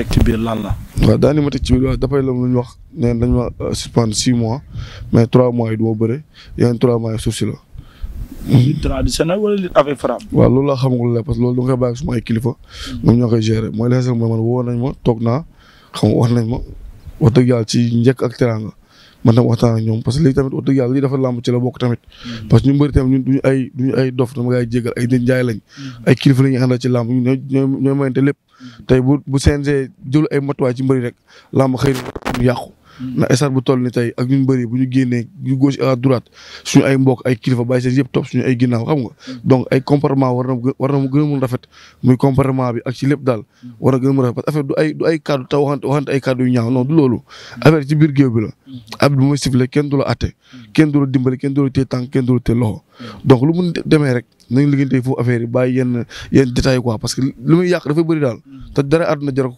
teg ci biir lan la. waaw daan nañ ma teg ci biir waaw dafay la ñu wax nee dañ ma euh, suspendre six mois mais trois mois yi du ma bëre yeneen trois mois yi suuf si la. lutte traditionnelle wala da nga koy bàyyi suma ay kilifa. ñoom ñoo koy gérer mooy waxtaan ak ñoom parce lii tamit wax dëgg yàlla lii dafa làmb ci la bokk mm-hmm. ay duñu ay dof ay mm-hmm. ci làmb ñoom ñooy ñooy tey bu bu CNG jël ay matuwaay ci mbëri rek làmb xëy na yàqu. ndax stade bu toll ni tey ak ñun bëri bu ñu génnee ñu gauche à droite suñu ay mbokk ay kilifa bàyyi seen yëpp topp suñu ay ginnaaw xam nga. Mm. donc ay comportement na war na mu a mun rafet muy comportement bi ak ci lépp daal mm. a mun rafet bi la. Mm. bi mooy siffler kenn du la atte kenn du la dimbali kenn du la téye tànk kenn du la téye loxo donc lu mun demee rek. nañ liggéeyante foofu affaire yi bàyyi yenn yenn détails quoi daal ko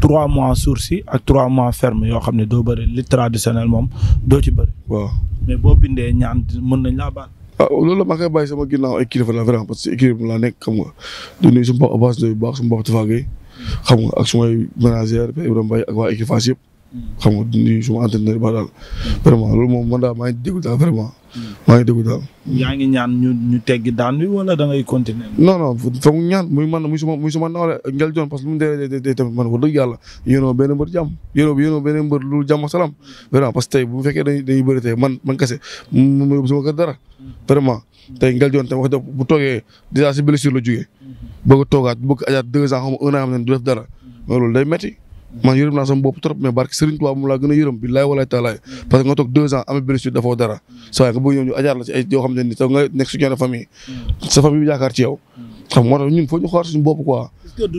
quoi trois mois sursis ak trois mois ferme yoo xam ne doo bëri li traditionnel moom doo ci bëri. waaw mais boo bindee ñaan mën na laa baal. ah loolu la ma koy sama ginnaaw ay kilifa la vraiment parce que équilibre laa nekk xam nga di nuyu suñu bopp Abass bu baax suñu bopp Tafa Gueye xam nga ak sumay manager Ibrahima Mbaye ak waa équipe Fass yëpp. xam nga nuyu suma entraîneur ba daal. vraiment loolu moom man daal maa daal vraiment. maa ngi daal. yaa ngi ñaan da ngay continuer. non non foog ñaan muy man muy suma muy Ngel Joon parce que dee dee dee man wax dëgg yàlla yéenoo benn mbër jàmm yéenoo yéenoo benn mbër lu jàmm salaam. vraiment bu fekkee dañuy dañuy bëri tey man man kese mu ma yóbbu sama kër dara. vraiment tey Ngel Joon tamit bu toogee dèjà a ans xam nga un dara loolu day metti man yërëm naa sama bopp trop mais barke Serigne Touba moom laa gën a yërëm billaay parce que nga toog deux ans amee blessure dafoo dara saa waaye nga bëgg ajaar la ci ay yoo xam ne ni nga nekk soutien de mm. sa famille bi yaakaar ci xam moo tax ñun foo ñu xool suñu bopp quoi.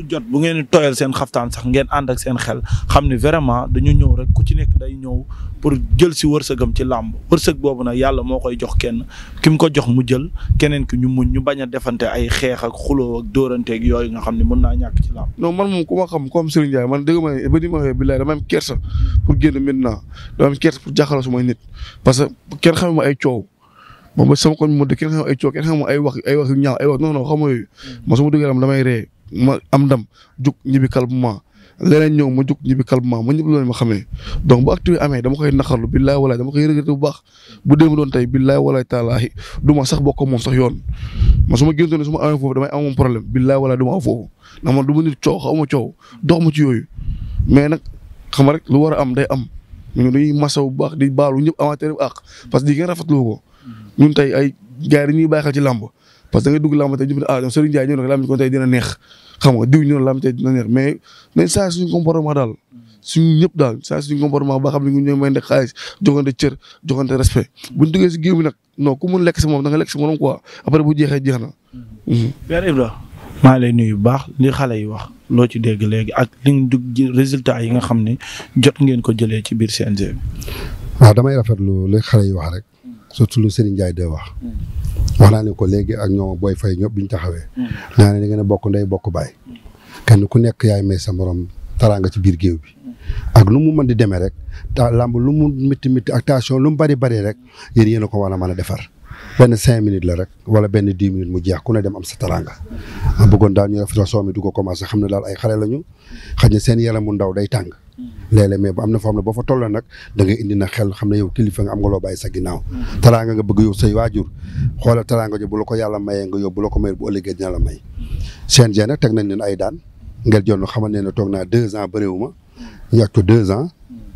jot bu ngeen di tooyal seen xaftaan sax ngeen ànd seen xel xam ne vraiment dañu ñëw rek ku ci nekk day ñëw pour jël si wërsëgam ci làmb wërsëg boobu nag yàlla moo koy jox kenn ki mu ko jox mu jël keneen ki ñu muñ ñu bañ a defante ay xeex ak xuloo ak dóoranteeg yooyu nga xam ne mën naa ñàkk ci làmb. non man moom ku xam comme Serigne Ndiaye man dëgg ma ba ni ma waxee billaay dama am kersa pour génn maintenant dama am kersa pour jaaxal sumay nit parce que kenn xamuma ay coow moom ba ma koñ mu dëkk kenn xam ay coow kenn xam ay wax ay wax yu ñaaw ay wax non non xam hmm. ma su ma duggee damay ma ma jug ñibbi calmement ma ñëpp loolu ma xamee donc bu actu amee dama koy naqarlu billaay walaay dama bu baax bu démb doon tey billaay walaay taalaahi du ma sax bokk moom sax yoon ma su ma gëntoon ne su ma amee foofu damay am moom problème billaay walaay du ma am foofu ndax man du ma nit coow xaw ma coow dox ma ci yooyu mais nag xam rek lu war am day am ñun dañuy masaw bu baax di baalu ñëpp amateur bi àq parce que di ngeen rafetloo ko ñun tey ay gars yi dañuy bàyyi ci làmb parce que dug ngay dugg làmb tey ñu ah ne na làmb kon tey dina neex xam nga diw ñëw na làmb tey dina neex mais nañ saa suñu comportement daal suñu ñëpp daal saa suñu comportement ba xam ne ñu ñooy may ndek xaalis joxante cër joxante respect buñ duggee si géew mi nag non ku mun lekk si moom da nga lekk si moom quoi après bu jeexee jeex na. Père Ibra maa ngi lay nuyu bu baax li xale yi wax loo ci dégg léegi ak li nga dugg résultat yi nga xam ne jot ngeen ko jëlee ci biir CNG bi. waaw damay rafetlu li xale yi wax rek surtout lu Serigne njaay day wax. wax naa ne ko léegi ak ñoom booy fay ñëpp bi ñu taxawee. Hmm. naa ne da ngeen a bokk ndey bokk baay. kenn ku nekk yaay may sa morom taraanga ci biir géew bi. ak lu mu mën di demee rek ta làmb lu mu mitti mitti ak lu mu bari bari rek yéen yéen ko war a mën a defar. benn cinq minutes la rek wala benn dix minutes mu jeex ku ne dem am sa taranga ma bëggoon daal ñu rafetal soo mi du ko commencé xam ne daal ay xale lañu xaj na seen yaram mu ndaw day tàng léeg mais bu am na foo xam boo fa toll nag da indi na xel xam ne yow kilifa nga am nga loo bàyyi sa ginnaaw taranga nga bëgg yow say waajur xoolal taranga bu la ko yàlla mayee nga yow bu la ko mayee bu ëllëgee dina la may nag teg nañ leen ay daan ngel jonn xamal ne ne toog naa deux ans bëréewu ma ñu aj ko deux ans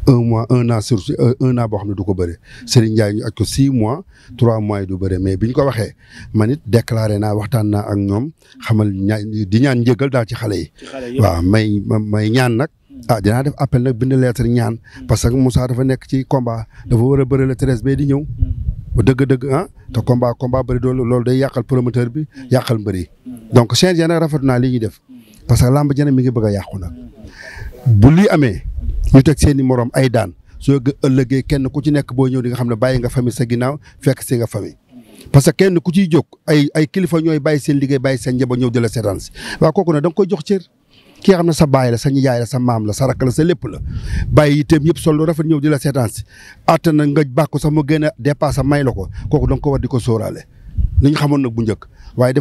un mois un an sur un boo xam ne du ko bëre Serigne Ndiaye ñu aj six mois trois mois yi du bëre mais bi ñu ko waxee man it déclaré naa waxtaan naa ak ñoom xamal ñaa di ñaan njëgal daal ci xale yi waaw may may ñaan nag mm. a ah, dinaa def appel nag bind lettre ñaan mm. parce que Moussa dafa nekk ci combat dafa war a bëre le treize ba di ñëw bu mm. dëgg-dëgg ah te komba combat bëri doolu loolu day yàqal promoteur bi yàqal mbëri donc CNG nag rafetlu naa li ñuy def parce que làmb jana mi ngi bëgg a yàqu nag bu lii ñu teg seen i morom ay daan soo ëllëgee kenn ku ci nekk boo ñëw di nga xam ne bàyyi nga famille sa ginnaaw fekk si nga famille. parce que kenn ku ciy ay kilifa ñooy bàyyi seen liggéey bàyyi seen njaboot ñëw di la seetaan si waaw kooku nag da nga jox cër. ki xam ne sa baay la sa nijaay la sa maam la sa rakk la sa lépp la bàyyi itam yëpp solo rafet ñëw di la seetaan si àtt na nga bàkku sa mu gën a dépassé may la ko kooku da nga ko war di ko sóoraale. li ñu xamoon nag bu njëkk waaye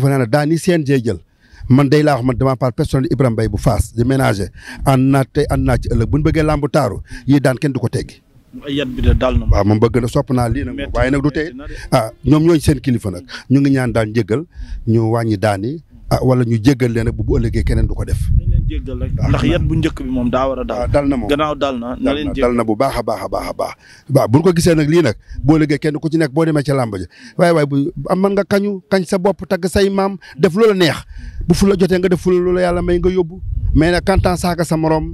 man day laa wax man dama par personnel Ibrahima bay bu faas di ménager ànd naa tey ànd naa ci ëllëg bu ñu bëggee làmbu taaru yi daan kenn du ko teggi ay na. waaw moom bëgg na sopp naa lii nag waaye nag du tey ah ñoom ñooñu seen kilifa nag ñu ngi ñaan daal njëgal ñu wàññi daan yi ah wala ñu jéggal leen bu bu ëllëgee keneen du ko def. jéggal rek ndax yet bu njëkk bi moom daa war a dal ah, dal na moom gannaaw dal na na na bu baax a baax a baax a baax waaw buñ ko gisee nag lii nag boo liggéey kenn ku ci nekk boo demee ca làmb ji waaye waaye bu am man nga kañu kañ sa bopp tagg say maam def loola neex bu fu la jotee nga def fu la loola yàlla may nga yóbbu mais nag kantaan saaka sa morom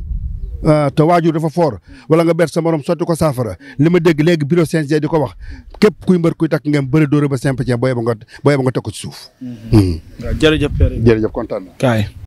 euh, te waajur dafa foor wala nga bett sa morom sotti ko saafara li ma dégg léegi bureau CNG di ko wax képp kuy mbër kuy takk ngeen bëri dóore ba Saint-Pétien booy ba nga booy ba nga teg ko ci suuf. Mm-hmm. Hmm. jërëjëf Père jërëjëf kontaan naa.